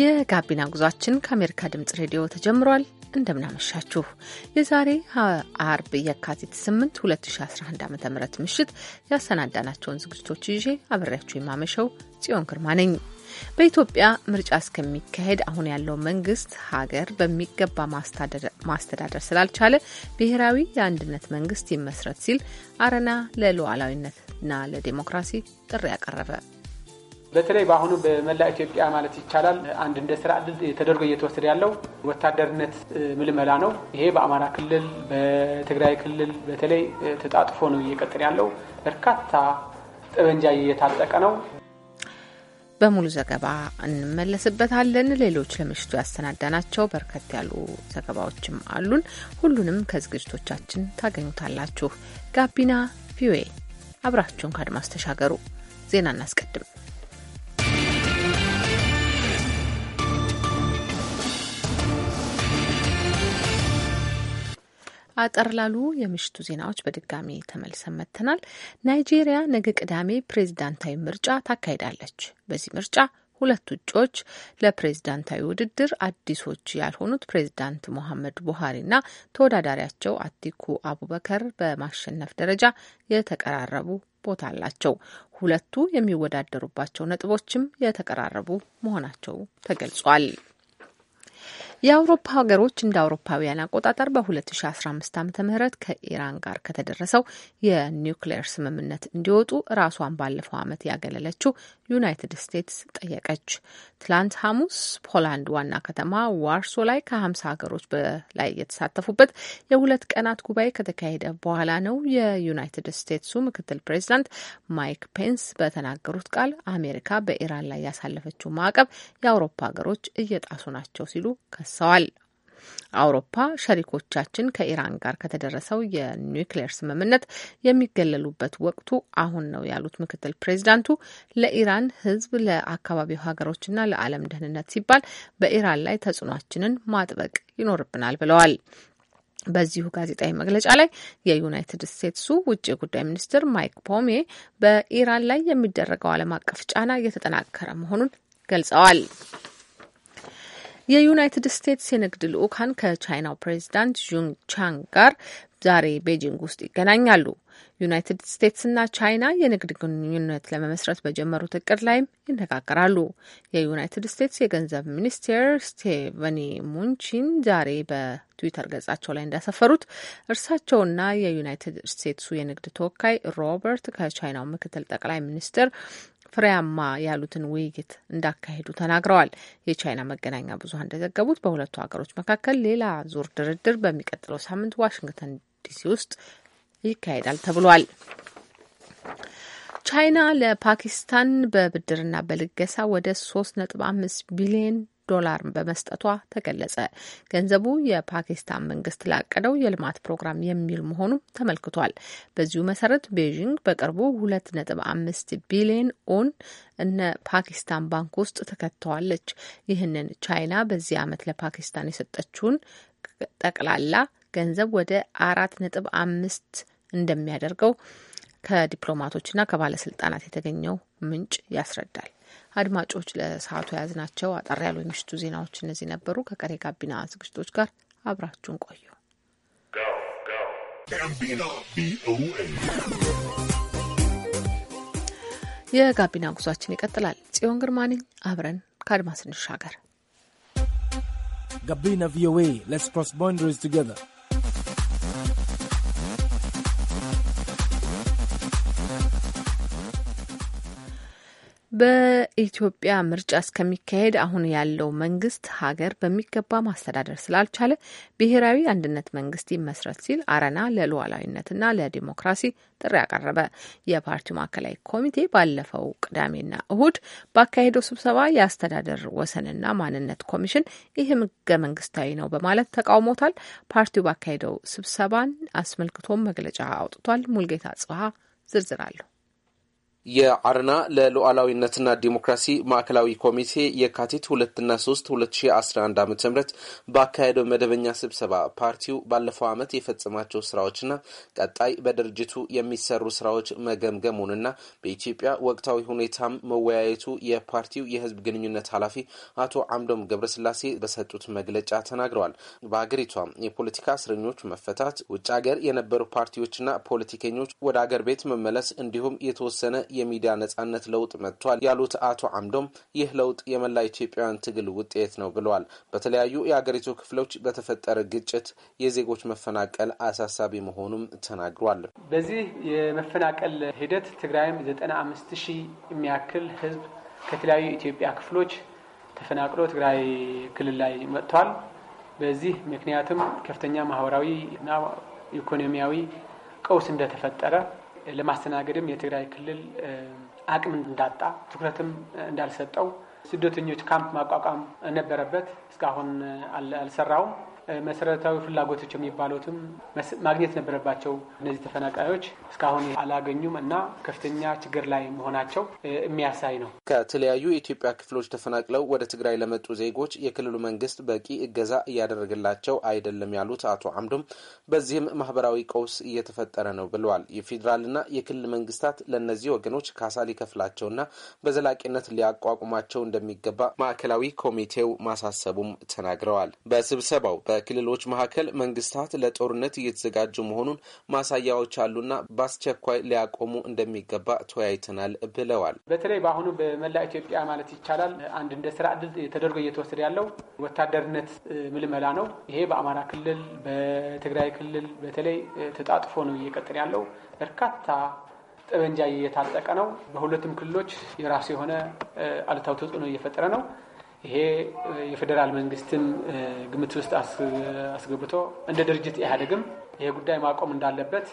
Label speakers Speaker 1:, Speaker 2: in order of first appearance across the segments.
Speaker 1: የጋቢና ጉዟችን ከአሜሪካ ድምጽ ሬዲዮ ተጀምሯል። እንደምናመሻችሁ የዛሬ አርብ የካቲት 8 2011 ዓ ም ምሽት ያሰናዳናቸውን ዝግጅቶች ይዤ አብሬያችሁ የማመሸው ጽዮን ግርማ ነኝ። በኢትዮጵያ ምርጫ እስከሚካሄድ አሁን ያለው መንግስት ሀገር በሚገባ ማስተዳደር ስላልቻለ ብሔራዊ የአንድነት መንግስት ይመስረት ሲል አረና ለሉዓላዊነትና ለዴሞክራሲ ጥሪ ያቀረበ
Speaker 2: በተለይ በአሁኑ በመላ ኢትዮጵያ ማለት ይቻላል አንድ እንደ ስራ እድል ተደርጎ እየተወሰደ ያለው ወታደርነት ምልመላ ነው። ይሄ በአማራ ክልል፣ በትግራይ ክልል በተለይ ተጣጥፎ ነው እየቀጠለ ያለው። በርካታ ጥበንጃ እየታጠቀ ነው።
Speaker 1: በሙሉ ዘገባ እንመለስበታለን። ሌሎች ለምሽቱ ያሰናዳናቸው በርከት ያሉ ዘገባዎችም አሉን። ሁሉንም ከዝግጅቶቻችን ታገኙታላችሁ። ጋቢና ቪኦኤ አብራችሁን ከአድማስ ተሻገሩ። ዜና እናስቀድም። አጠር ላሉ የምሽቱ ዜናዎች በድጋሚ ተመልሰን መጥተናል። ናይጄሪያ ነገ ቅዳሜ ፕሬዝዳንታዊ ምርጫ ታካሂዳለች። በዚህ ምርጫ ሁለት እጩዎች ለፕሬዝዳንታዊ ውድድር አዲሶች ያልሆኑት ፕሬዝዳንት ሞሐመድ ቡሃሪና ተወዳዳሪያቸው አቲኩ አቡበከር በማሸነፍ ደረጃ የተቀራረቡ ቦታ አላቸው። ሁለቱ የሚወዳደሩባቸው ነጥቦችም የተቀራረቡ መሆናቸው ተገልጿል። የአውሮፓ ሀገሮች እንደ አውሮፓውያን አቆጣጠር በ2015 ዓ ም ከኢራን ጋር ከተደረሰው የኒውክሌር ስምምነት እንዲወጡ ራሷን ባለፈው ዓመት ያገለለችው ዩናይትድ ስቴትስ ጠየቀች። ትላንት ሐሙስ ፖላንድ ዋና ከተማ ዋርሶ ላይ ከ50 ሀገሮች በላይ የተሳተፉበት የሁለት ቀናት ጉባኤ ከተካሄደ በኋላ ነው የዩናይትድ ስቴትሱ ምክትል ፕሬዚዳንት ማይክ ፔንስ በተናገሩት ቃል አሜሪካ በኢራን ላይ ያሳለፈችው ማዕቀብ የአውሮፓ ሀገሮች እየጣሱ ናቸው ሲሉ ወቅሰዋል። አውሮፓ ሸሪኮቻችን ከኢራን ጋር ከተደረሰው የኒውክሌር ስምምነት የሚገለሉበት ወቅቱ አሁን ነው ያሉት ምክትል ፕሬዚዳንቱ ለኢራን ሕዝብ ለአካባቢው ሀገሮችና ለዓለም ደህንነት ሲባል በኢራን ላይ ተጽዕኖችንን ማጥበቅ ይኖርብናል ብለዋል። በዚሁ ጋዜጣዊ መግለጫ ላይ የዩናይትድ ስቴትሱ ውጭ ጉዳይ ሚኒስትር ማይክ ፖሜ በኢራን ላይ የሚደረገው ዓለም አቀፍ ጫና እየተጠናከረ መሆኑን ገልጸዋል። የዩናይትድ ስቴትስ የንግድ ልዑካን ከቻይናው ፕሬዚዳንት ዡን ቻንግ ጋር ዛሬ ቤጂንግ ውስጥ ይገናኛሉ። ዩናይትድ ስቴትስና ቻይና የንግድ ግንኙነት ለመመስረት በጀመሩት እቅድ ላይም ይነጋገራሉ። የዩናይትድ ስቴትስ የገንዘብ ሚኒስቴር ስቴቨኒ ሙንቺን ዛሬ በትዊተር ገጻቸው ላይ እንዳሰፈሩት እርሳቸውና የዩናይትድ ስቴትሱ የንግድ ተወካይ ሮበርት ከቻይናው ምክትል ጠቅላይ ሚኒስትር ፍሬያማ ያሉትን ውይይት እንዳካሄዱ ተናግረዋል። የቻይና መገናኛ ብዙኃን እንደዘገቡት በሁለቱ ሀገሮች መካከል ሌላ ዙር ድርድር በሚቀጥለው ሳምንት ዋሽንግተን ዲሲ ውስጥ ይካሄዳል ተብሏል። ቻይና ለፓኪስታን በብድርና በልገሳ ወደ ሶስት ነጥብ አምስት ቢሊዮን ዶላር በመስጠቷ ተገለጸ። ገንዘቡ የፓኪስታን መንግስት ላቀደው የልማት ፕሮግራም የሚል መሆኑም ተመልክቷል። በዚሁ መሰረት ቤዥንግ በቅርቡ ሁለት ነጥብ አምስት ቢሊዮን ኦን እነ ፓኪስታን ባንክ ውስጥ ተከተዋለች። ይህንን ቻይና በዚህ ዓመት ለፓኪስታን የሰጠችውን ጠቅላላ ገንዘብ ወደ አራት ነጥብ አምስት እንደሚያደርገው ከዲፕሎማቶችና ከባለስልጣናት የተገኘው ምንጭ ያስረዳል። አድማጮች ለሰዓቱ የያዝናቸው አጠር ያሉ የምሽቱ ዜናዎች እነዚህ ነበሩ። ከቀሬ ጋቢና ዝግጅቶች ጋር አብራችሁን ቆዩ። የጋቢና ጉዟችን ይቀጥላል። ጽዮን ግርማ ነኝ። አብረን ከአድማስ እንሻገር። ጋቢና ቪኦኤ ሌትስ ክሮስ ቦንደሪስ ቱጌዘር በኢትዮጵያ ምርጫ እስከሚካሄድ አሁን ያለው መንግስት ሀገር በሚገባ ማስተዳደር ስላልቻለ ብሔራዊ አንድነት መንግስት ይመስረት ሲል አረና ለሉዓላዊነትና ለዲሞክራሲ ጥሪ አቀረበ። የፓርቲው ማዕከላዊ ኮሚቴ ባለፈው ቅዳሜና እሁድ ባካሄደው ስብሰባ የአስተዳደር ወሰንና ማንነት ኮሚሽን ይህም ህገ መንግስታዊ ነው በማለት ተቃውሞታል። ፓርቲው ባካሄደው ስብሰባን አስመልክቶም መግለጫ አውጥቷል። ሙልጌታ ጽሀ ዝርዝር አለሁ
Speaker 3: የአርና ለሉዓላዊነትና ዲሞክራሲ ማዕከላዊ ኮሚቴ የካቲት ሁለትና ሶስት ሁለት ሺ አስራ አንድ ዓመተ ምህረት በአካሄደው መደበኛ ስብሰባ ፓርቲው ባለፈው ዓመት የፈጸማቸው ስራዎችና ቀጣይ በድርጅቱ የሚሰሩ ስራዎች መገምገሙንና በኢትዮጵያ ወቅታዊ ሁኔታም መወያየቱ የፓርቲው የህዝብ ግንኙነት ኃላፊ አቶ አምዶም ገብረስላሴ በሰጡት መግለጫ ተናግረዋል። በሀገሪቷ የፖለቲካ እስረኞች መፈታት፣ ውጭ ሀገር የነበሩ ፓርቲዎችና ፖለቲከኞች ወደ አገር ቤት መመለስ እንዲሁም የተወሰነ የሚዲያ ነጻነት ለውጥ መጥቷል ያሉት አቶ አምዶም ይህ ለውጥ የመላ ኢትዮጵያውያን ትግል ውጤት ነው ብለዋል። በተለያዩ የአገሪቱ ክፍሎች በተፈጠረ ግጭት የዜጎች መፈናቀል አሳሳቢ መሆኑም ተናግሯል።
Speaker 2: በዚህ የመፈናቀል ሂደት ትግራይም ዘጠና አምስት ሺህ የሚያክል ህዝብ ከተለያዩ የኢትዮጵያ ክፍሎች ተፈናቅሎ ትግራይ ክልል ላይ መጥቷል። በዚህ ምክንያትም ከፍተኛ ማህበራዊ እና ኢኮኖሚያዊ ቀውስ እንደተፈጠረ ለማስተናገድም የትግራይ ክልል አቅም እንዳጣ ትኩረትም እንዳልሰጠው ስደተኞች ካምፕ ማቋቋም ነበረበት። እስካሁን አልሰራውም። መሰረታዊ ፍላጎቶች የሚባሉትም ማግኘት ነበረባቸው። እነዚህ ተፈናቃዮች እስካሁን አላገኙም እና ከፍተኛ ችግር ላይ መሆናቸው የሚያሳይ ነው።
Speaker 3: ከተለያዩ የኢትዮጵያ ክፍሎች ተፈናቅለው ወደ ትግራይ ለመጡ ዜጎች የክልሉ መንግስት በቂ እገዛ እያደረገላቸው አይደለም ያሉት አቶ አምዶም በዚህም ማህበራዊ ቀውስ እየተፈጠረ ነው ብለዋል። የፌዴራልና የክልል መንግስታት ለእነዚህ ወገኖች ካሳ ሊከፍላቸውና በዘላቂነት ሊያቋቁማቸው እንደሚገባ ማዕከላዊ ኮሚቴው ማሳሰቡም ተናግረዋል። በስብሰባው በክልሎች መካከል መንግስታት ለጦርነት እየተዘጋጁ መሆኑን ማሳያዎች አሉና በአስቸኳይ ሊያቆሙ እንደሚገባ ተወያይተናል ብለዋል።
Speaker 2: በተለይ በአሁኑ በመላ ኢትዮጵያ ማለት ይቻላል አንድ እንደ ስራ እድል ተደርጎ እየተወሰደ ያለው ወታደርነት ምልመላ ነው። ይሄ በአማራ ክልል፣ በትግራይ ክልል በተለይ ተጣጥፎ ነው እየቀጠለ ያለው። በርካታ ጠመንጃ እየታጠቀ ነው። በሁለቱም ክልሎች የራሱ የሆነ አሉታዊ ተጽዕኖ እየፈጠረ ነው። ይሄ የፌዴራል መንግስትን ግምት ውስጥ አስገብቶ እንደ ድርጅት ኢህአዴግም ይሄ ጉዳይ ማቆም እንዳለበት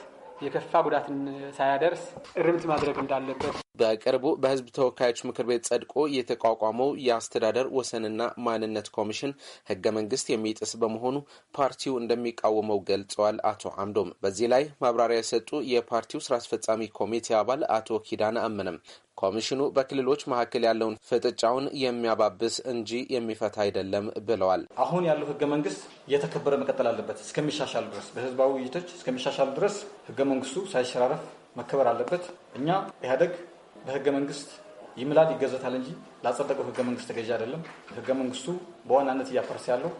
Speaker 2: የከፋ ጉዳትን ሳያደርስ እርምት ማድረግ እንዳለበት
Speaker 3: በቅርቡ በህዝብ ተወካዮች ምክር ቤት ጸድቆ የተቋቋመው የአስተዳደር ወሰንና ማንነት ኮሚሽን ህገ መንግስት የሚጥስ በመሆኑ ፓርቲው እንደሚቃወመው ገልጸዋል። አቶ አምዶም በዚህ ላይ ማብራሪያ የሰጡ የፓርቲው ስራ አስፈጻሚ ኮሚቴ አባል አቶ ኪዳነ አመነም ኮሚሽኑ በክልሎች መካከል ያለውን ፍጥጫውን የሚያባብስ እንጂ የሚፈታ አይደለም ብለዋል። አሁን ያለው ህገ መንግስት እየተከበረ መቀጠል
Speaker 4: አለበት እስከሚሻሻል ድረስ በህዝባዊ ውይይቶች እስከሚሻሻል ድረስ ህገ መንግስቱ ሳይሸራረፍ መከበር አለበት። እኛ ኢህአዴግ በህገ መንግስት ይምላል ይገዘታል እንጂ ላጸደቀው ህገ መንግስት ተገዥ አይደለም። ህገ መንግስቱ በዋናነት እያፈረሰ ያለው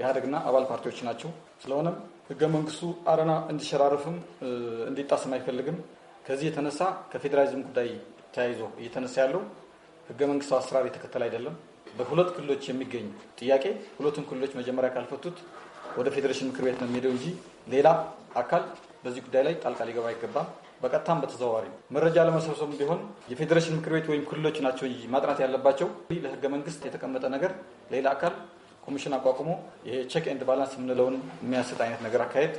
Speaker 4: ኢህአዴግና አባል ፓርቲዎች ናቸው። ስለሆነም ህገ መንግስቱ አረና እንዲሸራረፍም እንዲጣስም አይፈልግም። ከዚህ የተነሳ ከፌዴራሊዝም ጉዳይ ተያይዞ እየተነሳ ያለው ህገ መንግስቱ አሰራር የተከተለ አይደለም። በሁለት ክልሎች የሚገኝ ጥያቄ ሁለቱም ክልሎች መጀመሪያ ካልፈቱት ወደ ፌዴሬሽን ምክር ቤት ነው የሚሄደው እንጂ ሌላ አካል በዚህ ጉዳይ ላይ ጣልቃ ሊገባ አይገባም። በቀጥታም በተዘዋዋሪ መረጃ ለመሰብሰብ ቢሆን የፌዴሬሽን ምክር ቤት ወይም ክልሎች ናቸው እንጂ ማጥናት ያለባቸው። ለህገ መንግስት የተቀመጠ ነገር ሌላ አካል ኮሚሽን አቋቁሞ የቼክ ኤንድ ባላንስ የምንለውን የሚያሰጥ አይነት ነገር አካሄድ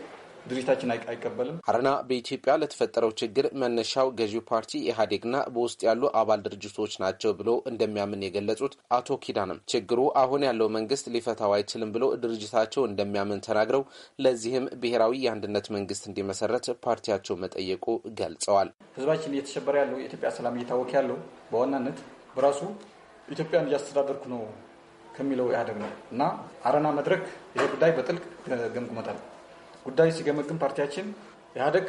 Speaker 4: ድርጅታችን አይቀበልም።
Speaker 3: አረና በኢትዮጵያ ለተፈጠረው ችግር መነሻው ገዢው ፓርቲ ኢህአዴግና በውስጥ ያሉ አባል ድርጅቶች ናቸው ብሎ እንደሚያምን የገለጹት አቶ ኪዳንም ችግሩ አሁን ያለው መንግስት ሊፈታው አይችልም ብሎ ድርጅታቸው እንደሚያምን ተናግረው ለዚህም ብሔራዊ የአንድነት መንግስት እንዲመሰረት ፓርቲያቸው መጠየቁ ገልጸዋል።
Speaker 4: ህዝባችን እየተሸበረ ያለው የኢትዮጵያ ሰላም እየታወክ ያለው በዋናነት በራሱ ኢትዮጵያን እያስተዳደርኩ ነው ከሚለው ኢህአዴግ ነው እና አረና መድረክ ይሄ ጉዳይ በጥልቅ ገምግሞታል። ጉዳይ ሲገመግም ፓርቲያችን ኢህአደግ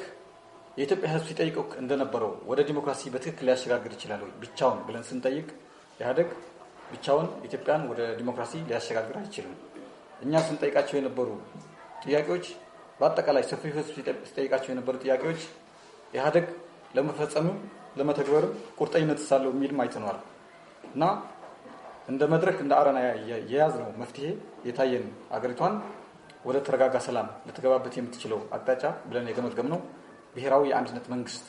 Speaker 4: የኢትዮጵያ ህዝብ ሲጠይቀው እንደነበረው ወደ ዲሞክራሲ በትክክል ሊያሸጋግር ይችላል ወይ ብቻውን ብለን ስንጠይቅ ኢህአደግ ብቻውን ኢትዮጵያን ወደ ዲሞክራሲ ሊያሸጋግር አይችልም። እኛ ስንጠይቃቸው የነበሩ ጥያቄዎች በአጠቃላይ ሰፊው ህዝብ ሲጠይቃቸው የነበሩ ጥያቄዎች ኢህአደግ ለመፈጸምም ለመተግበርም ቁርጠኝነት ሳለው የሚልም አይተኗል እና እንደ መድረክ እንደ አረና የያዝነው መፍትሄ የታየን አገሪቷን ወደ ተረጋጋ ሰላም ልትገባበት የምትችለው አቅጣጫ ብለን የገመገምነው ብሔራዊ የአንድነት መንግስት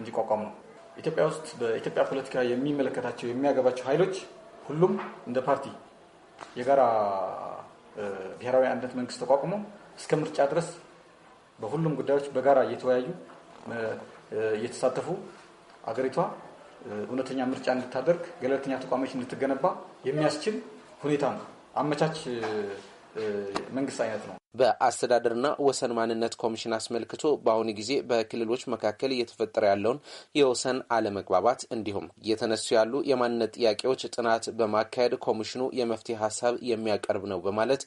Speaker 4: እንዲቋቋም ነው። ኢትዮጵያ ውስጥ በኢትዮጵያ ፖለቲካ የሚመለከታቸው የሚያገባቸው ኃይሎች ሁሉም እንደ ፓርቲ የጋራ ብሔራዊ አንድነት መንግስት ተቋቁሞ እስከ ምርጫ ድረስ በሁሉም ጉዳዮች በጋራ እየተወያዩ እየተሳተፉ አገሪቷ እውነተኛ ምርጫ እንድታደርግ ገለልተኛ ተቋሞች እንድትገነባ የሚያስችል ሁኔታ ነው አመቻች መንግስት አይነት ነው።
Speaker 3: በአስተዳደርና ወሰን ማንነት ኮሚሽን አስመልክቶ በአሁኑ ጊዜ በክልሎች መካከል እየተፈጠረ ያለውን የወሰን አለመግባባት እንዲሁም እየተነሱ ያሉ የማንነት ጥያቄዎች ጥናት በማካሄድ ኮሚሽኑ የመፍትሄ ሀሳብ የሚያቀርብ ነው በማለት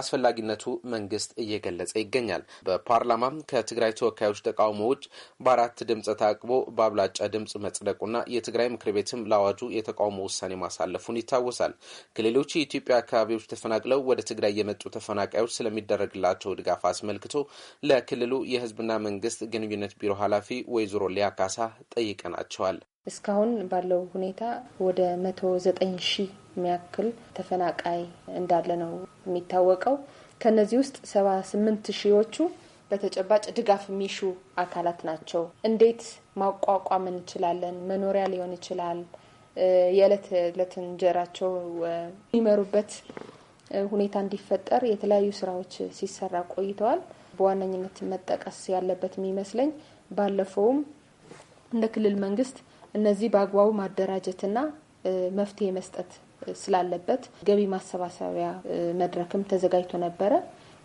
Speaker 3: አስፈላጊነቱ መንግስት እየገለጸ ይገኛል። በፓርላማም ከትግራይ ተወካዮች ተቃውሞ ውጭ በአራት ድምፅ ታቅቦ በአብላጫ ድምፅ መጽደቁና የትግራይ ምክር ቤትም ለአዋጁ የተቃውሞ ውሳኔ ማሳለፉን ይታወሳል። ከሌሎች የኢትዮጵያ አካባቢዎች ተፈናቅለው ወደ ትግራይ የመጡ ተፈናቃዮች ስለሚደረግ የሚደረግላቸው ድጋፍ አስመልክቶ ለክልሉ የህዝብና መንግስት ግንኙነት ቢሮ ኃላፊ ወይዘሮ ሊያ ካሳ ጠይቀናቸዋል።
Speaker 5: እስካሁን ባለው ሁኔታ ወደ መቶ ዘጠኝ ሺህ የሚያክል ተፈናቃይ እንዳለ ነው የሚታወቀው። ከነዚህ ውስጥ ሰባ ስምንት ሺዎቹ በተጨባጭ ድጋፍ የሚሹ አካላት ናቸው። እንዴት ማቋቋም እንችላለን? መኖሪያ ሊሆን ይችላል የዕለት ዕለት እንጀራቸው የሚመሩበት ሁኔታ እንዲፈጠር የተለያዩ ስራዎች ሲሰራ ቆይተዋል። በዋነኝነት መጠቀስ ያለበት የሚመስለኝ ባለፈውም እንደ ክልል መንግስት እነዚህ በአግባቡ ማደራጀትና መፍትሄ መስጠት ስላለበት ገቢ ማሰባሰቢያ መድረክም ተዘጋጅቶ ነበረ።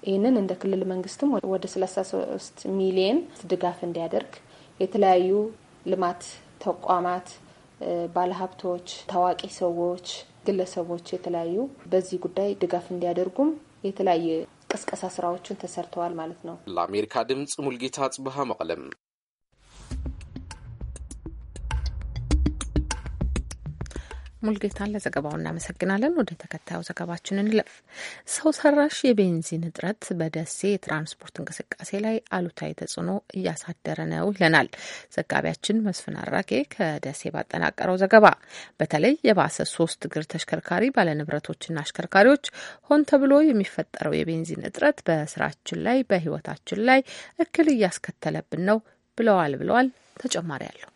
Speaker 5: ይህንን እንደ ክልል መንግስትም ወደ 33 ሚሊየን ድጋፍ እንዲያደርግ የተለያዩ ልማት ተቋማት፣ ባለሀብቶች፣ ታዋቂ ሰዎች ግለሰቦች የተለያዩ በዚህ ጉዳይ ድጋፍ እንዲያደርጉም የተለያየ ቅስቀሳ ስራዎችን ተሰርተዋል ማለት ነው።
Speaker 3: ለአሜሪካ ድምፅ ሙልጌታ ጽብሃ መቀለም
Speaker 1: ሙልጌታን ለዘገባው እናመሰግናለን። ወደ ተከታዩ ዘገባችን እንለፍ። ሰው ሰራሽ የቤንዚን እጥረት በደሴ የትራንስፖርት እንቅስቃሴ ላይ አሉታዊ ተጽዕኖ እያሳደረ ነው ይለናል ዘጋቢያችን መስፍን አራጌ ከደሴ ባጠናቀረው ዘገባ። በተለይ የባሰ ሶስት እግር ተሽከርካሪ ባለንብረቶችና አሽከርካሪዎች ሆን ተብሎ የሚፈጠረው የቤንዚን እጥረት በስራችን ላይ በህይወታችን ላይ እክል እያስከተለብን ነው ብለዋል ብለዋል። ተጨማሪ አለሁ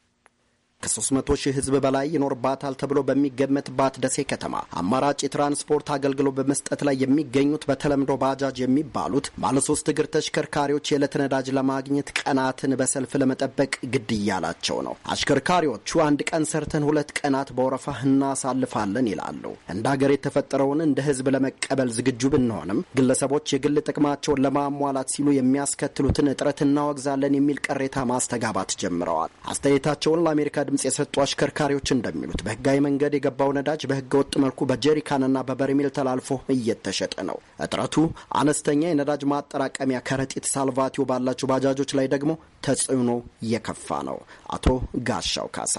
Speaker 6: ከ300 ሺህ ህዝብ በላይ ይኖርባታል ተብሎ በሚገመትባት ደሴ ከተማ አማራጭ የትራንስፖርት አገልግሎት በመስጠት ላይ የሚገኙት በተለምዶ ባጃጅ የሚባሉት ባለሶስት እግር ተሽከርካሪዎች የዕለት ነዳጅ ለማግኘት ቀናትን በሰልፍ ለመጠበቅ ግድ እያላቸው ነው። አሽከርካሪዎቹ አንድ ቀን ሰርተን ሁለት ቀናት በወረፋ እናሳልፋለን ይላሉ። እንደ ሀገር የተፈጠረውን እንደ ህዝብ ለመቀበል ዝግጁ ብንሆንም ግለሰቦች የግል ጥቅማቸውን ለማሟላት ሲሉ የሚያስከትሉትን እጥረት እናወግዛለን የሚል ቅሬታ ማስተጋባት ጀምረዋል። አስተያየታቸውን ለአሜሪካ ድምፅ የሰጡ አሽከርካሪዎች እንደሚሉት በህጋዊ መንገድ የገባው ነዳጅ በህገ ወጥ መልኩ በጀሪካንና በበርሜል ተላልፎ እየተሸጠ ነው። እጥረቱ አነስተኛ የነዳጅ ማጠራቀሚያ ከረጢት ሳልቫቲዮ ባላቸው ባጃጆች ላይ ደግሞ ተጽዕኖ የከፋ ነው።
Speaker 7: አቶ ጋሻው ካሳ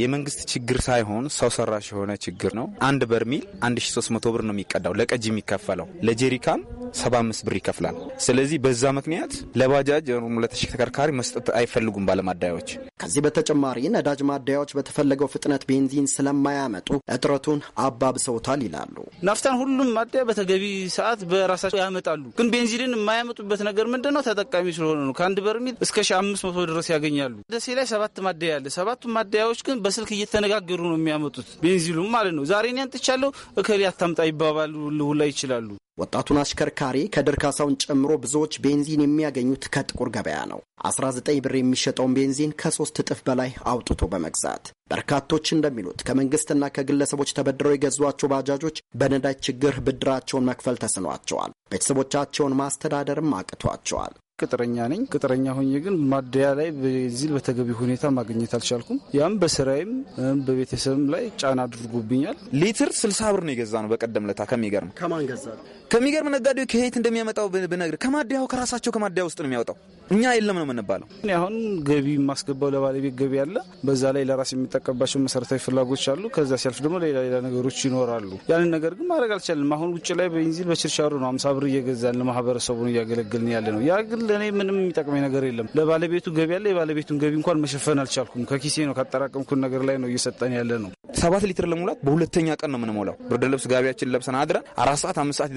Speaker 7: የመንግስት ችግር ሳይሆን ሰው ሰራሽ የሆነ ችግር ነው። አንድ በርሚል 1300 ብር ነው የሚቀዳው፣ ለቀጅ የሚከፈለው ለጀሪካን 75 ብር ይከፍላል። ስለዚህ በዛ ምክንያት ለባጃጅ ለተሽከርካሪ መስጠት አይፈልጉም ባለማደያዎች።
Speaker 6: ከዚህ በተጨማሪ ነዳጅ ማደያዎች በተፈለገው ፍጥነት ቤንዚን ስለማያመጡ እጥረቱን አባብሰውታል ይላሉ።
Speaker 8: ናፍታን ሁሉም ማደያ በተገቢ ሰዓት በራሳቸው ያመጣሉ። ግን ቤንዚንን የማያመጡበት ነገር ምንድን ነው? ተጠቃሚ ስለሆነ ነው። ከአንድ በርሚል እስከ አምስት መቶ ድረስ ያገኛሉ። ደሴ ላይ ሰባት ማደያ አለ። ሰባቱ ማደያዎች ግን በስልክ እየተነጋገሩ ነው የሚያመጡት ቤንዚሉም ማለት ነው። ዛሬ እኔ አንጥቻለሁ እከሌ አታምጣ ይባባሉ ልሁላ ይችላሉ።
Speaker 6: ወጣቱን አሽከርካሪ ከድር ካሳውን ጨምሮ ብዙዎች ቤንዚን የሚያገኙት ከጥቁር ገበያ ነው። 19 ብር የሚሸጠውን ቤንዚን ከሶስት እጥፍ በላይ አውጥቶ በመግዛት በርካቶች እንደሚሉት ከመንግስትና ከግለሰቦች ተበድረው የገዟቸው ባጃጆች በነዳጅ ችግር ብድራቸውን መክፈል ተስኗቸዋል። ቤተሰቦቻቸውን ማስተዳደርም
Speaker 8: አቅቷቸዋል። ቅጥረኛ ነኝ። ቅጥረኛ ሆኜ ግን ማደያ ላይ በዚህ በተገቢ ሁኔታ ማግኘት አልቻልኩም። ያም በስራይም በቤተሰብም ላይ ጫና አድርጎብኛል። ሊትር
Speaker 7: ስልሳ ብር ነው የገዛ ነው በቀደም ለታ ከሚገርም ከማን ገዛ ከሚገርም ነጋዴው ከየት እንደሚያመጣው ብነግር ከማደያው ከራሳቸው ከማደያ ውስጥ ነው የሚያወጣው። እኛ የለም ነው የምንባለው።
Speaker 8: አሁን ገቢ የማስገባው ለባለቤት ገቢ አለ። በዛ ላይ ለራስ የሚጠቀባቸው መሰረታዊ ፍላጎች አሉ። ከዛ ሲያልፍ ደግሞ ሌላ ሌላ ነገሮች ይኖራሉ። ያንን ነገር ግን ማድረግ አልቻለም። አሁን ውጭ ላይ በቤንዚን በችርቻሩ ነው አምሳ ብር እየገዛን ለማህበረሰቡ እያገለግልን ያለ ነው። ለእኔ ምንም የሚጠቅመኝ ነገር የለም። ለባለቤቱ ገቢ ያለ የባለቤቱን ገቢ እንኳን መሸፈን አልቻልኩም። ከኪሴ ነው ካጠራቀምኩን ነገር ላይ ነው እየሰጠን ያለ ነው። ሰባት ሊትር ለሙላት በሁለተኛ ቀን ነው የምንሞላው።
Speaker 7: ብርድ ልብስ ጋቢያችን ለብሰን አድረን አራት ሰዓት አምስት ሰዓት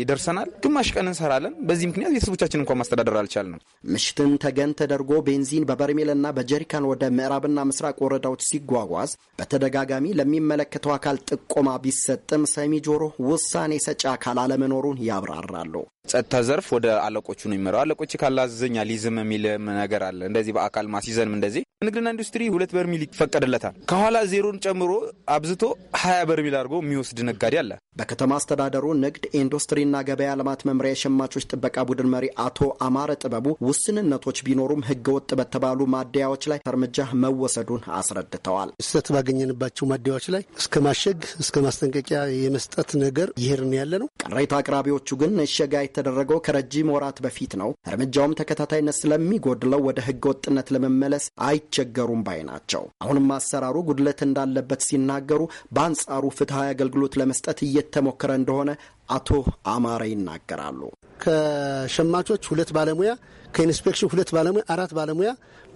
Speaker 7: ይደርሰናል። ግማሽ ቀን እንሰራለን። በዚህ ምክንያት ቤተሰቦቻችን እንኳን ማስተዳደር አልቻልንም።
Speaker 6: ምሽትን ተገን ተደርጎ ቤንዚን በበርሜልና በጀሪካን ወደ ምዕራብና ምስራቅ ወረዳዎች ሲጓጓዝ በተደጋጋሚ ለሚመለከተው አካል ጥቆማ ቢሰጥም ሰሚ ጆሮ ውሳኔ ሰጪ አካል አለመኖሩን ያብራራሉ።
Speaker 7: ጸጥታ ዘርፍ ወደ አለቆቹ ነው የሚመራው። አለቆች ካላዘዘኛ ሊዝም የሚል ነገር አለ። እንደዚህ በአካል ማስይዘንም እንደዚህ ንግድና ኢንዱስትሪ ሁለት በርሚል ይፈቀድለታል። ከኋላ ዜሮን ጨምሮ አብዝቶ ሀያ በርሚል አድርጎ የሚወስድ ነጋዴ አለ።
Speaker 6: በከተማ አስተዳደሩ ንግድ ኢንዱስትሪና ገበያ ልማት መምሪያ የሸማቾች ጥበቃ ቡድን መሪ አቶ አማረ ጥበቡ ውስንነቶች ቢኖሩም ህገወጥ በተባሉ ማደያዎች ላይ እርምጃ መወሰዱን አስረድተዋል። ስህተት ባገኘንባቸው ማደያዎች ላይ እስከ ማሸግ እስከ ማስጠንቀቂያ የመስጠት ነገር ይሄርን ያለ ነው። ቅሬታ አቅራቢዎቹ ግን እሸጋይ የተደረገው ከረጅም ወራት በፊት ነው። እርምጃውም ተከታታይነት ስለሚጎድለው ወደ ህገ ወጥነት ለመመለስ አይቸገሩም ባይ ናቸው። አሁንም አሰራሩ ጉድለት እንዳለበት ሲናገሩ፣ በአንጻሩ ፍትሐዊ አገልግሎት ለመስጠት እየተሞከረ እንደሆነ አቶ አማረ ይናገራሉ። ከሸማቾች ሁለት ባለሙያ፣ ከኢንስፔክሽን ሁለት ባለሙያ፣ አራት ባለሙያ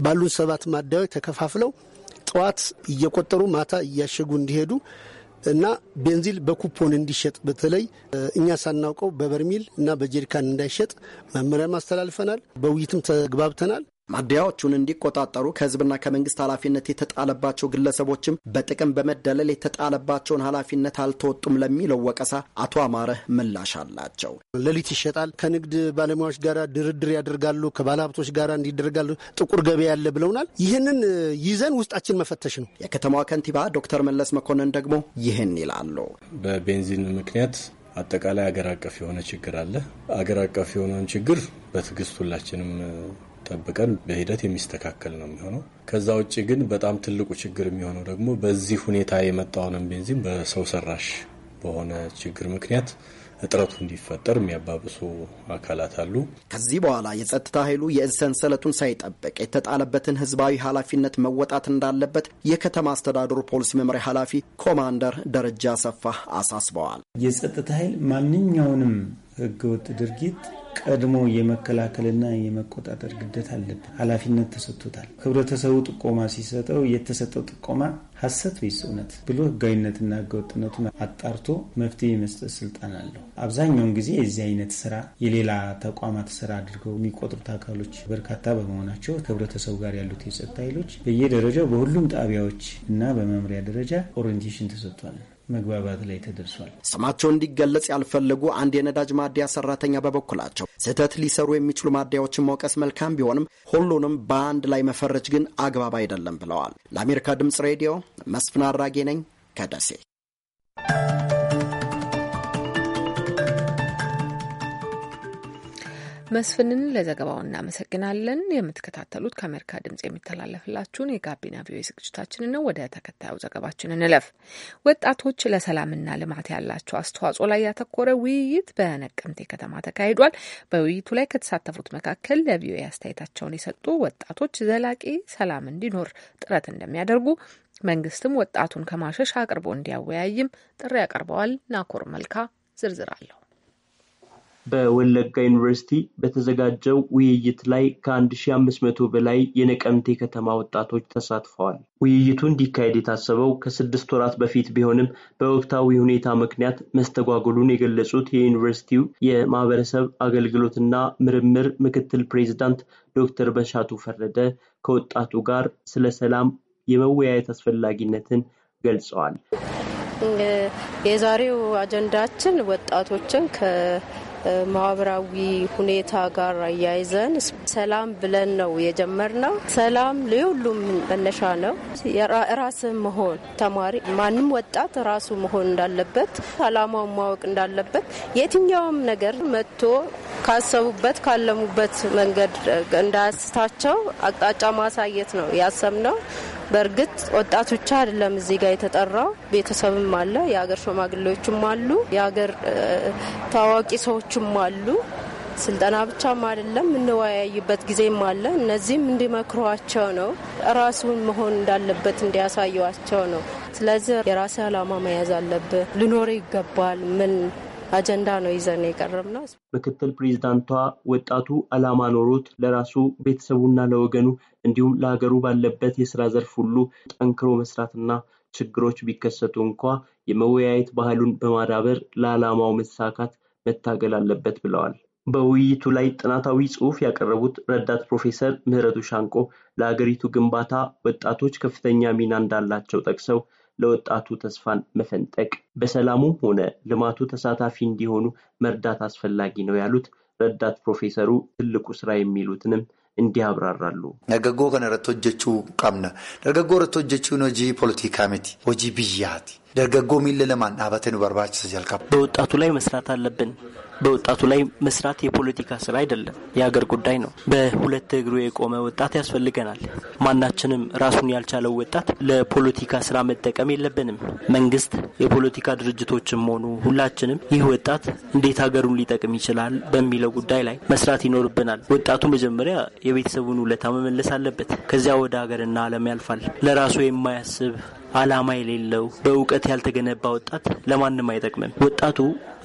Speaker 6: ባሉን ሰባት ማደያዎች ተከፋፍለው ጠዋት እየቆጠሩ ማታ እያሸጉ እንዲሄዱ እና ቤንዚል በኩፖን እንዲሸጥ በተለይ እኛ ሳናውቀው በበርሚል እና በጀሪካን እንዳይሸጥ መመሪያም አስተላልፈናል። በውይይትም ተግባብተናል። ማደያዎቹን እንዲቆጣጠሩ ከህዝብና ከመንግስት ኃላፊነት የተጣለባቸው ግለሰቦችም በጥቅም በመደለል የተጣለባቸውን ኃላፊነት አልተወጡም ለሚለው ወቀሳ አቶ አማረ ምላሽ አላቸው። ሌሊት ይሸጣል፣ ከንግድ ባለሙያዎች ጋር ድርድር ያደርጋሉ፣ ከባለሀብቶች ጋር እንዲደርጋሉ፣ ጥቁር ገበያ ያለ ብለውናል። ይህንን ይዘን ውስጣችን መፈተሽ ነው። የከተማዋ ከንቲባ ዶክተር መለስ መኮንን ደግሞ
Speaker 9: ይህን ይላሉ። በቤንዚን ምክንያት አጠቃላይ አገር አቀፍ የሆነ ችግር አለ። አገር አቀፍ የሆነውን ችግር በትዕግስት ሁላችንም ጠብቀን በሂደት የሚስተካከል ነው የሚሆነው። ከዛ ውጭ ግን በጣም ትልቁ ችግር የሚሆነው ደግሞ በዚህ ሁኔታ የመጣውንም ቤንዚን በሰው ሰራሽ በሆነ ችግር ምክንያት እጥረቱ እንዲፈጠር የሚያባብሱ አካላት አሉ።
Speaker 6: ከዚህ በኋላ የጸጥታ ኃይሉ የሰንሰለቱን ሳይጠበቅ የተጣለበትን ህዝባዊ ኃላፊነት መወጣት እንዳለበት የከተማ አስተዳደሩ ፖሊስ መምሪያ ኃላፊ ኮማንደር ደረጃ ሰፋ አሳስበዋል።
Speaker 8: የጸጥታ ኃይል ማንኛውንም ህገወጥ ድርጊት ቀድሞ የመከላከልና የመቆጣጠር ግዴታ አለብን። ኃላፊነት ተሰጥቶታል። ህብረተሰቡ ጥቆማ ሲሰጠው የተሰጠው ጥቆማ ሀሰት ወይስ እውነት ብሎ ህጋዊነትና ህገወጥነቱን አጣርቶ መፍትሄ የመስጠት ስልጣን አለው። አብዛኛውን ጊዜ የዚህ አይነት ስራ የሌላ ተቋማት ስራ አድርገው የሚቆጥሩት አካሎች በርካታ በመሆናቸው ከህብረተሰቡ ጋር ያሉት የጸጥታ ኃይሎች በየደረጃው በሁሉም ጣቢያዎች እና በመምሪያ ደረጃ ኦሪንቴሽን ተሰጥቷል። መግባባት ላይ
Speaker 9: ተደርሷል።
Speaker 6: ስማቸው እንዲገለጽ ያልፈለጉ አንድ የነዳጅ ማደያ ሰራተኛ በበኩላቸው ስህተት ሊሰሩ የሚችሉ ማደያዎችን መውቀስ መልካም ቢሆንም ሁሉንም በአንድ ላይ መፈረጅ ግን አግባብ አይደለም ብለዋል። ለአሜሪካ ድምጽ ሬዲዮ መስፍን አራጌ ነኝ ከደሴ
Speaker 1: መስፍንን ለዘገባው እናመሰግናለን። የምትከታተሉት ከአሜሪካ ድምጽ የሚተላለፍላችሁን የጋቢና ቪኦኤ ዝግጅታችንን ነው። ወደ ተከታዩ ዘገባችን እንለፍ። ወጣቶች ለሰላምና ልማት ያላቸው አስተዋጽኦ ላይ ያተኮረ ውይይት በነቀምቴ ከተማ ተካሂዷል። በውይይቱ ላይ ከተሳተፉት መካከል ለቪኦኤ አስተያየታቸውን የሰጡ ወጣቶች ዘላቂ ሰላም እንዲኖር ጥረት እንደሚያደርጉ መንግስትም ወጣቱን ከማሸሽ አቅርቦ እንዲያወያይም ጥሪ ያቀርበዋል። ናኮር መልካ ዝርዝር አለሁ
Speaker 10: በወለጋ ዩኒቨርሲቲ በተዘጋጀው ውይይት ላይ ከ 1500 በላይ የነቀምቴ ከተማ ወጣቶች ተሳትፈዋል። ውይይቱ እንዲካሄድ የታሰበው ከስድስት ወራት በፊት ቢሆንም በወቅታዊ ሁኔታ ምክንያት መስተጓጎሉን የገለጹት የዩኒቨርሲቲው የማህበረሰብ አገልግሎትና ምርምር ምክትል ፕሬዚዳንት ዶክተር በሻቱ ፈረደ ከወጣቱ ጋር ስለ ሰላም የመወያየት አስፈላጊነትን ገልጸዋል።
Speaker 1: የዛሬው አጀንዳችን ወጣቶችን ማህበራዊ ሁኔታ ጋር አያይዘን ሰላም ብለን ነው የጀመርነው። ሰላም ለሁሉም መነሻ ነው። ራስ መሆን ተማሪ፣ ማንም ወጣት ራሱ መሆን እንዳለበት፣ ሰላማውን ማወቅ እንዳለበት የትኛውም ነገር መጥቶ ካሰቡበት ካለሙበት መንገድ እንዳያስታቸው አቅጣጫ ማሳየት ነው ያሰብነው። በእርግጥ ወጣት ብቻ አይደለም እዚህ ጋር የተጠራው፣ ቤተሰብም አለ፣ የሀገር ሽማግሌዎችም አሉ፣ የሀገር ታዋቂ ሰዎችም አሉ። ስልጠና ብቻም አይደለም፣ እንወያይበት ጊዜም አለ። እነዚህም እንዲመክሯቸው ነው፣ ራሱን መሆን እንዳለበት እንዲያሳዩቸው ነው። ስለዚህ የራሴ አላማ መያዝ አለብህ፣ ልኖር ይገባል፣ ምን አጀንዳ ነው ይዘን የቀረብ ነው።
Speaker 10: ምክትል ፕሬዚዳንቷ ወጣቱ ዓላማ ኖሮት ለራሱ ቤተሰቡና ለወገኑ እንዲሁም ለሀገሩ ባለበት የስራ ዘርፍ ሁሉ ጠንክሮ መስራትና ችግሮች ቢከሰቱ እንኳ የመወያየት ባህሉን በማዳበር ለዓላማው መሳካት መታገል አለበት ብለዋል። በውይይቱ ላይ ጥናታዊ ጽሑፍ ያቀረቡት ረዳት ፕሮፌሰር ምህረቱ ሻንቆ ለሀገሪቱ ግንባታ ወጣቶች ከፍተኛ ሚና እንዳላቸው ጠቅሰው ለወጣቱ ተስፋን መፈንጠቅ፣ በሰላሙም ሆነ ልማቱ ተሳታፊ እንዲሆኑ መርዳት አስፈላጊ ነው ያሉት ረዳት ፕሮፌሰሩ ትልቁ ስራ የሚሉትንም እንዲህ አብራራሉ። ነገጎ ከነረት ሆጀቹ ቀብነ
Speaker 6: ደርገጎ ረት ሆጀቹን ሆጂ ፖለቲካ ሚቲ ወጂ ብያቲ ደርገጎ ሚል ለማን ዳበቴን
Speaker 10: በርባችስ ጀልካብ በወጣቱ ላይ መስራት አለብን። በወጣቱ ላይ መስራት የፖለቲካ ስራ አይደለም፣ የሀገር ጉዳይ ነው። በሁለት እግሩ የቆመ ወጣት ያስፈልገናል። ማናችንም ራሱን ያልቻለው ወጣት ለፖለቲካ ስራ መጠቀም የለብንም። መንግስት፣ የፖለቲካ ድርጅቶችም ሆኑ ሁላችንም ይህ ወጣት እንዴት ሀገሩን ሊጠቅም ይችላል በሚለው ጉዳይ ላይ መስራት ይኖርብናል። ወጣቱ መጀመሪያ የቤተሰቡን ውለታ መመለስ አለበት። ከዚያ ወደ ሀገርና ዓለም ያልፋል። ለራሱ የማያስብ አላማ የሌለው በእውቀት ያልተገነባ ወጣት ለማንም አይጠቅምም። ወጣቱ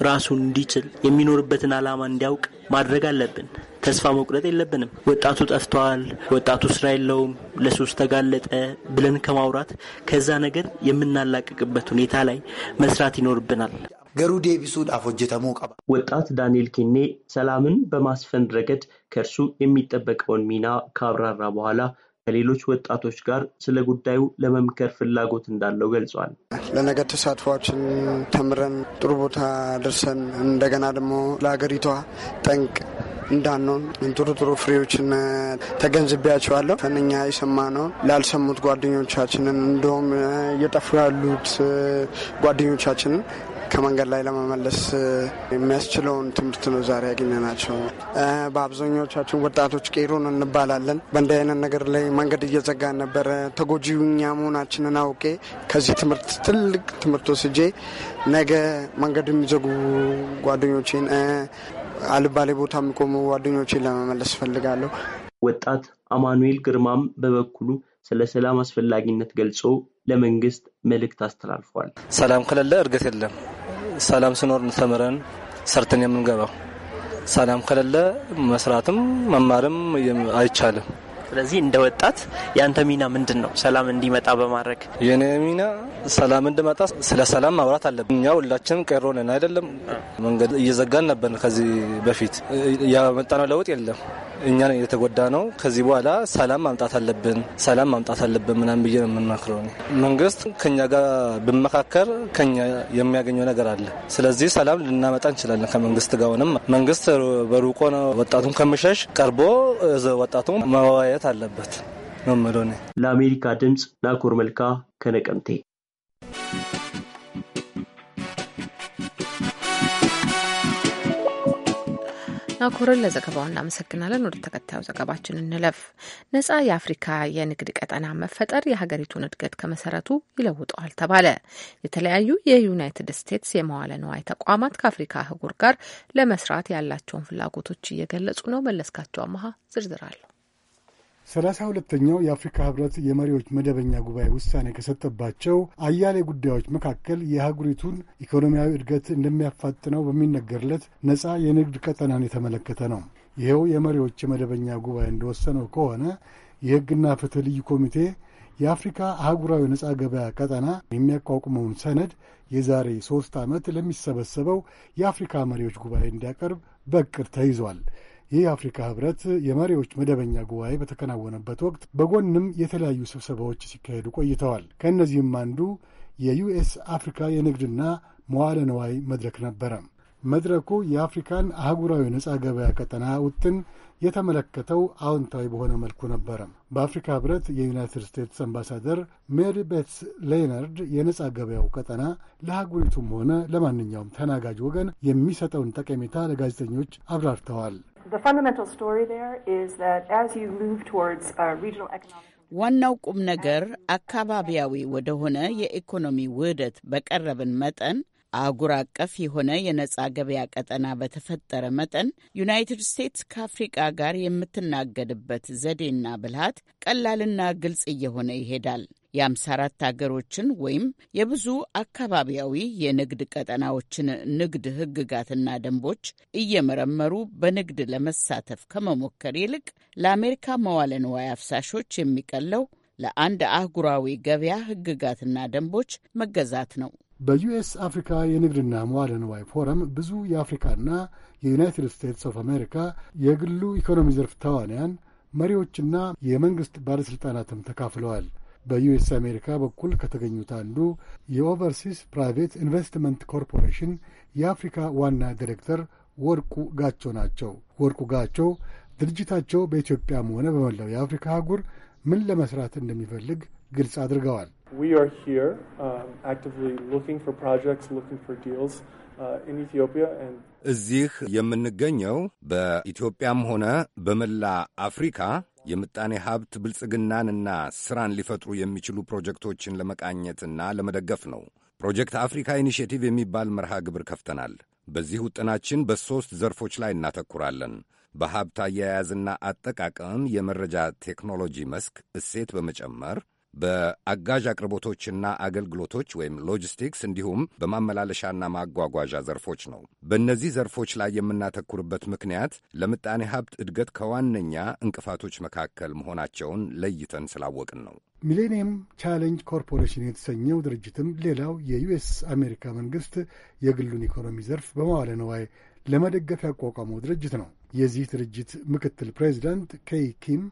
Speaker 10: ራሱን እንዲችል የሚኖርበትን አላማ እንዲያውቅ ማድረግ አለብን። ተስፋ መቁረጥ የለብንም። ወጣቱ ጠፍቷል፣ ወጣቱ ስራ የለውም፣ ለሱስ ተጋለጠ ብለን ከማውራት ከዛ ነገር የምናላቅቅበት ሁኔታ ላይ መስራት ይኖርብናል። ገሩ ዴቪሱ ዳፍ ቀባ ወጣት ዳንኤል ኬኔ ሰላምን በማስፈን ረገድ ከእርሱ የሚጠበቀውን ሚና ካብራራ በኋላ ከሌሎች ወጣቶች ጋር ስለ ጉዳዩ ለመምከር ፍላጎት እንዳለው ገልጿል።
Speaker 2: ለነገ ተሳትፏችን ተምረን ጥሩ ቦታ ደርሰን እንደገና ደግሞ ለሀገሪቷ ጠንቅ እንዳንሆን ጥሩ ጥሩ ፍሬዎችን ተገንዝቤያቸዋለሁ። ከእኛ የሰማነውን ላልሰሙት ጓደኞቻችንን እንዲሁም እየጠፉ ያሉት ጓደኞቻችንን ከመንገድ ላይ ለመመለስ የሚያስችለውን ትምህርት ነው ዛሬ ያገኘ ናቸው። በአብዛኛዎቻችን ወጣቶች ቄሮን እንባላለን። በእንዲህ አይነት ነገር ላይ መንገድ እየዘጋን ነበረ። ተጎጂው እኛ መሆናችንን አውቄ ከዚህ ትምህርት ትልቅ ትምህርት ወስጄ ነገ መንገድ የሚዘጉ ጓደኞቼን አልባሌ ቦታ የሚቆሙ ጓደኞቼን ለመመለስ ፈልጋለሁ።
Speaker 10: ወጣት አማኑኤል ግርማም በበኩሉ ስለ ሰላም አስፈላጊነት ገልጾ ለመንግስት መልእክት አስተላልፏል።
Speaker 4: ሰላም ከሌለ እድገት
Speaker 10: የለም። ሰላም ሲኖር ተምረን ሰርተን የምንገባው። ሰላም ከሌለ መስራትም መማርም አይቻልም። ስለዚህ እንደ ወጣት የአንተ ሚና ምንድን ነው? ሰላም እንዲመጣ በማድረግ የኔ ሚና ሰላም እንዲመጣ ስለ ሰላም ማውራት አለብን። እኛ ሁላችንም ቀሮ ነን አይደለም። መንገድ እየዘጋን ነበር ከዚህ በፊት ያመጣነው ለውጥ የለም። እኛ የተጎዳ ነው። ከዚህ በኋላ ሰላም ማምጣት አለብን፣ ሰላም ማምጣት አለብን
Speaker 8: ምናምን ብዬ ነው የምመክረው። መንግስት ከኛ ጋር ብመካከር ከኛ የሚያገኘው ነገር
Speaker 10: አለ። ስለዚህ ሰላም ልናመጣ እንችላለን። ከመንግስት ጋር ሆነም መንግስት በሩቆ ነው ወጣቱን ከምሸሽ ቀርቦ ወጣቱ መወያየት አለበት ነው የምለው ለአሜሪካ ድምፅ ናኮር መልካ ከነቀምቴ
Speaker 1: ናኮርን ለዘገባው እናመሰግናለን። ወደ ተከታዩ ዘገባችን እንለፍ። ነጻ የአፍሪካ የንግድ ቀጠና መፈጠር የሀገሪቱን እድገት ከመሰረቱ ይለውጠዋል ተባለ። የተለያዩ የዩናይትድ ስቴትስ የመዋለ ንዋይ ተቋማት ከአፍሪካ አህጉር ጋር ለመስራት ያላቸውን ፍላጎቶች እየገለጹ ነው። መለስካቸው አመሀ ዝርዝር አለሁ
Speaker 11: ሰላሳ ሁለተኛው የአፍሪካ ህብረት የመሪዎች መደበኛ ጉባኤ ውሳኔ ከሰጠባቸው አያሌ ጉዳዮች መካከል የአህጉሪቱን ኢኮኖሚያዊ እድገት እንደሚያፋጥነው በሚነገርለት ነጻ የንግድ ቀጠናን የተመለከተ ነው። ይኸው የመሪዎች መደበኛ ጉባኤ እንደወሰነው ከሆነ የሕግና ፍትህ ልዩ ኮሚቴ የአፍሪካ አህጉራዊ ነጻ ገበያ ቀጠና የሚያቋቁመውን ሰነድ የዛሬ ሦስት ዓመት ለሚሰበሰበው የአፍሪካ መሪዎች ጉባኤ እንዲያቀርብ በቅር ተይዟል። ይህ የአፍሪካ ህብረት የመሪዎች መደበኛ ጉባኤ በተከናወነበት ወቅት በጎንም የተለያዩ ስብሰባዎች ሲካሄዱ ቆይተዋል። ከእነዚህም አንዱ የዩኤስ አፍሪካ የንግድና መዋለ ነዋይ መድረክ ነበረ። መድረኩ የአፍሪካን አህጉራዊ ነጻ ገበያ ቀጠና ውጥን የተመለከተው አዎንታዊ በሆነ መልኩ ነበረ። በአፍሪካ ህብረት የዩናይትድ ስቴትስ አምባሳደር ሜሪ ቤትስ ሌነርድ የነጻ ገበያው ቀጠና ለአህጉሪቱም ሆነ ለማንኛውም ተናጋጅ ወገን የሚሰጠውን ጠቀሜታ ለጋዜጠኞች አብራርተዋል።
Speaker 12: Uh, ዋናው ቁም ነገር አካባቢያዊ ወደሆነ የኢኮኖሚ ውህደት በቀረብን መጠን አህጉር አቀፍ የሆነ የነጻ ገበያ ቀጠና በተፈጠረ መጠን ዩናይትድ ስቴትስ ከአፍሪቃ ጋር የምትናገድበት ዘዴና ብልሃት ቀላልና ግልጽ እየሆነ ይሄዳል። የአምሳ አራት አገሮችን ወይም የብዙ አካባቢያዊ የንግድ ቀጠናዎችን ንግድ ህግጋትና ደንቦች እየመረመሩ በንግድ ለመሳተፍ ከመሞከር ይልቅ ለአሜሪካ መዋለ ንዋይ አፍሳሾች የሚቀለው ለአንድ አህጉራዊ ገበያ ህግጋትና ደንቦች መገዛት ነው።
Speaker 11: በዩኤስ አፍሪካ የንግድና መዋለ ንዋይ ፎረም ብዙ የአፍሪካና የዩናይትድ ስቴትስ ኦፍ አሜሪካ የግሉ ኢኮኖሚ ዘርፍ ተዋንያን መሪዎችና የመንግሥት ባለሥልጣናትም ተካፍለዋል። በዩኤስ አሜሪካ በኩል ከተገኙት አንዱ የኦቨርሲስ ፕራይቬት ኢንቨስትመንት ኮርፖሬሽን የአፍሪካ ዋና ዲሬክተር ወርቁ ጋቸው ናቸው። ወርቁ ጋቸው ድርጅታቸው በኢትዮጵያም ሆነ በመላው የአፍሪካ አህጉር ምን ለመስራት እንደሚፈልግ ግልጽ አድርገዋል። um, uh, እዚህ የምንገኘው በኢትዮጵያም ሆነ በመላ አፍሪካ የምጣኔ ሀብት ብልጽግናንና ሥራን ሊፈጥሩ የሚችሉ ፕሮጀክቶችን ለመቃኘትና ለመደገፍ ነው። ፕሮጀክት አፍሪካ ኢኒሽቲቭ የሚባል መርሃ ግብር ከፍተናል። በዚህ ውጥናችን በሦስት ዘርፎች ላይ እናተኩራለን። በሀብት አያያዝና አጠቃቀም የመረጃ ቴክኖሎጂ መስክ እሴት በመጨመር በአጋዥ አቅርቦቶችና አገልግሎቶች ወይም ሎጂስቲክስ እንዲሁም በማመላለሻና ማጓጓዣ ዘርፎች ነው። በእነዚህ ዘርፎች ላይ የምናተኩርበት ምክንያት ለምጣኔ ሀብት እድገት ከዋነኛ እንቅፋቶች መካከል መሆናቸውን ለይተን ስላወቅን ነው። ሚሌኒየም ቻሌንጅ ኮርፖሬሽን የተሰኘው ድርጅትም ሌላው የዩኤስ አሜሪካ መንግስት የግሉን ኢኮኖሚ ዘርፍ በመዋለ ነዋይ ለመደገፍ ያቋቋመው ድርጅት ነው። የዚህ ድርጅት ምክትል ፕሬዚዳንት ኬይ ኪም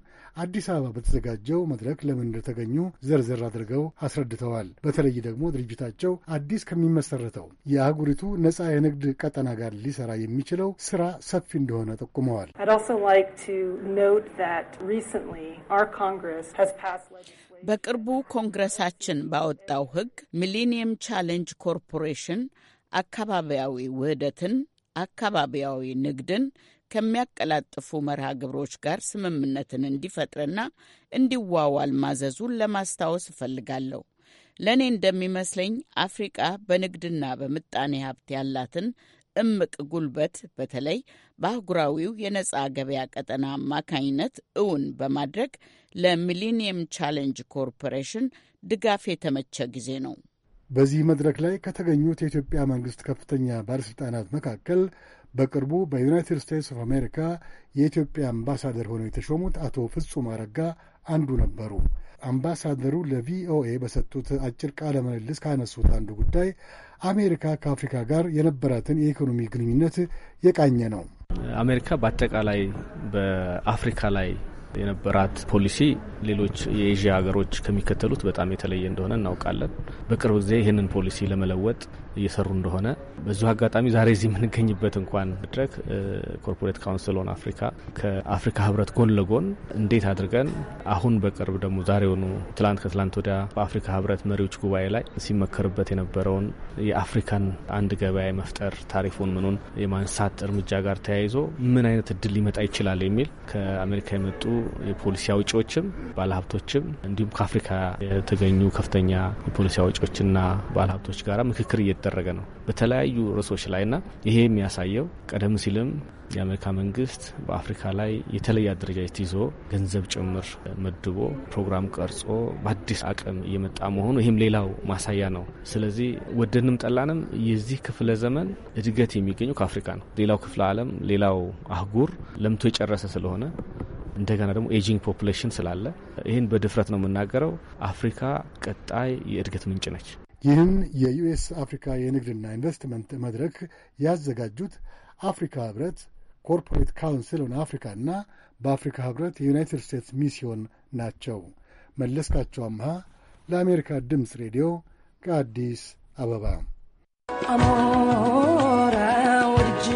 Speaker 11: አዲስ አበባ በተዘጋጀው መድረክ ለምን እንደተገኙ ዘርዘር አድርገው አስረድተዋል። በተለይ ደግሞ ድርጅታቸው አዲስ ከሚመሰረተው የአህጉሪቱ ነጻ የንግድ ቀጠና ጋር ሊሰራ የሚችለው ስራ ሰፊ እንደሆነ ጠቁመዋል።
Speaker 12: በቅርቡ ኮንግረሳችን ባወጣው ህግ ሚሊኒየም ቻሌንጅ ኮርፖሬሽን አካባቢያዊ ውህደትን፣ አካባቢያዊ ንግድን ከሚያቀላጥፉ መርሃ ግብሮች ጋር ስምምነትን እንዲፈጥርና እንዲዋዋል ማዘዙን ለማስታወስ እፈልጋለሁ። ለእኔ እንደሚመስለኝ አፍሪቃ በንግድና በምጣኔ ሀብት ያላትን እምቅ ጉልበት በተለይ በአህጉራዊው የነጻ ገበያ ቀጠና አማካኝነት እውን በማድረግ ለሚሊኒየም ቻሌንጅ ኮርፖሬሽን ድጋፍ የተመቸ ጊዜ ነው።
Speaker 11: በዚህ መድረክ ላይ ከተገኙት የኢትዮጵያ መንግሥት ከፍተኛ ባለሥልጣናት መካከል በቅርቡ በዩናይትድ ስቴትስ ኦፍ አሜሪካ የኢትዮጵያ አምባሳደር ሆነው የተሾሙት አቶ ፍጹም አረጋ አንዱ ነበሩ። አምባሳደሩ ለቪኦኤ በሰጡት አጭር ቃለ ምልልስ ካነሱት አንዱ ጉዳይ አሜሪካ ከአፍሪካ ጋር የነበራትን የኢኮኖሚ ግንኙነት የቃኘ ነው።
Speaker 9: አሜሪካ በአጠቃላይ በአፍሪካ ላይ የነበራት ፖሊሲ ሌሎች የኤዥያ ሀገሮች ከሚከተሉት በጣም የተለየ እንደሆነ እናውቃለን። በቅርብ ጊዜ ይህንን ፖሊሲ ለመለወጥ እየሰሩ እንደሆነ በዚሁ አጋጣሚ ዛሬ እዚህ የምንገኝበት እንኳን መድረክ ኮርፖሬት ካውንስል ኦን አፍሪካ ከአፍሪካ ህብረት ጎን ለጎን እንዴት አድርገን አሁን በቅርብ ደግሞ ዛሬውኑ ትላንት ከትላንት ወዲያ በአፍሪካ ህብረት መሪዎች ጉባኤ ላይ ሲመከርበት የነበረውን የአፍሪካን አንድ ገበያ መፍጠር ታሪፉን ምኑን የማንሳት እርምጃ ጋር ተያይዞ ምን አይነት እድል ሊመጣ ይችላል የሚል ከአሜሪካ የመጡ የፖሊሲ አውጪዎችም ባለሀብቶችም እንዲሁም ከአፍሪካ የተገኙ ከፍተኛ የፖሊሲ አውጪዎችና ባለሀብቶች ጋር ምክክር እየጠ እየተደረገ ነው በተለያዩ ርዕሶች ላይና ይሄ የሚያሳየው ቀደም ሲልም የአሜሪካ መንግስት በአፍሪካ ላይ የተለየ አደረጃጀት ይዞ ገንዘብ ጭምር መድቦ ፕሮግራም ቀርጾ በአዲስ አቅም እየመጣ መሆኑ ይህም ሌላው ማሳያ ነው። ስለዚህ ወደንም ጠላንም የዚህ ክፍለ ዘመን እድገት የሚገኘው ከአፍሪካ ነው። ሌላው ክፍለ ዓለም ሌላው አህጉር ለምቶ የጨረሰ ስለሆነ እንደገና ደግሞ ኤጂንግ ፖፑሌሽን ስላለ ይህን በድፍረት ነው የምናገረው። አፍሪካ ቀጣይ የእድገት ምንጭ ነች።
Speaker 11: ይህን የዩኤስ አፍሪካ የንግድና ኢንቨስትመንት መድረክ ያዘጋጁት አፍሪካ ህብረት፣ ኮርፖሬት ካውንስል ኦን አፍሪካና በአፍሪካ ህብረት የዩናይትድ ስቴትስ ሚስዮን ናቸው። መለስካቸው አምሃ ለአሜሪካ ድምፅ ሬዲዮ ከአዲስ አበባ
Speaker 5: አሞራ ወድጄ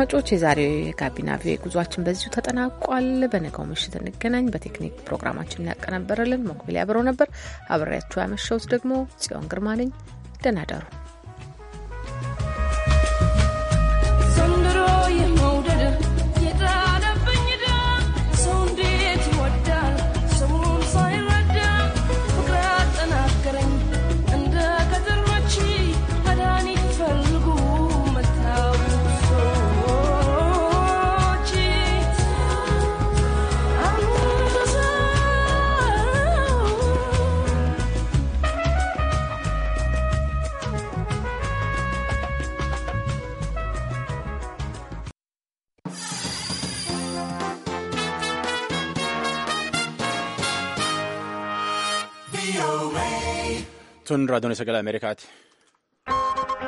Speaker 1: አድማጮች የዛሬው የጋቢና ቪ ጉዟችን በዚሁ ተጠናቋል። በነገው ምሽት እንገናኝ። በቴክኒክ ፕሮግራማችን ያቀነበረልን ሞክቢል ያብረው ነበር። አብሬያችሁ ያመሸሁት ደግሞ ጽዮን ግርማ ነኝ። ደህና ደሩ።
Speaker 8: Tun raadiyoon isa amerikaati.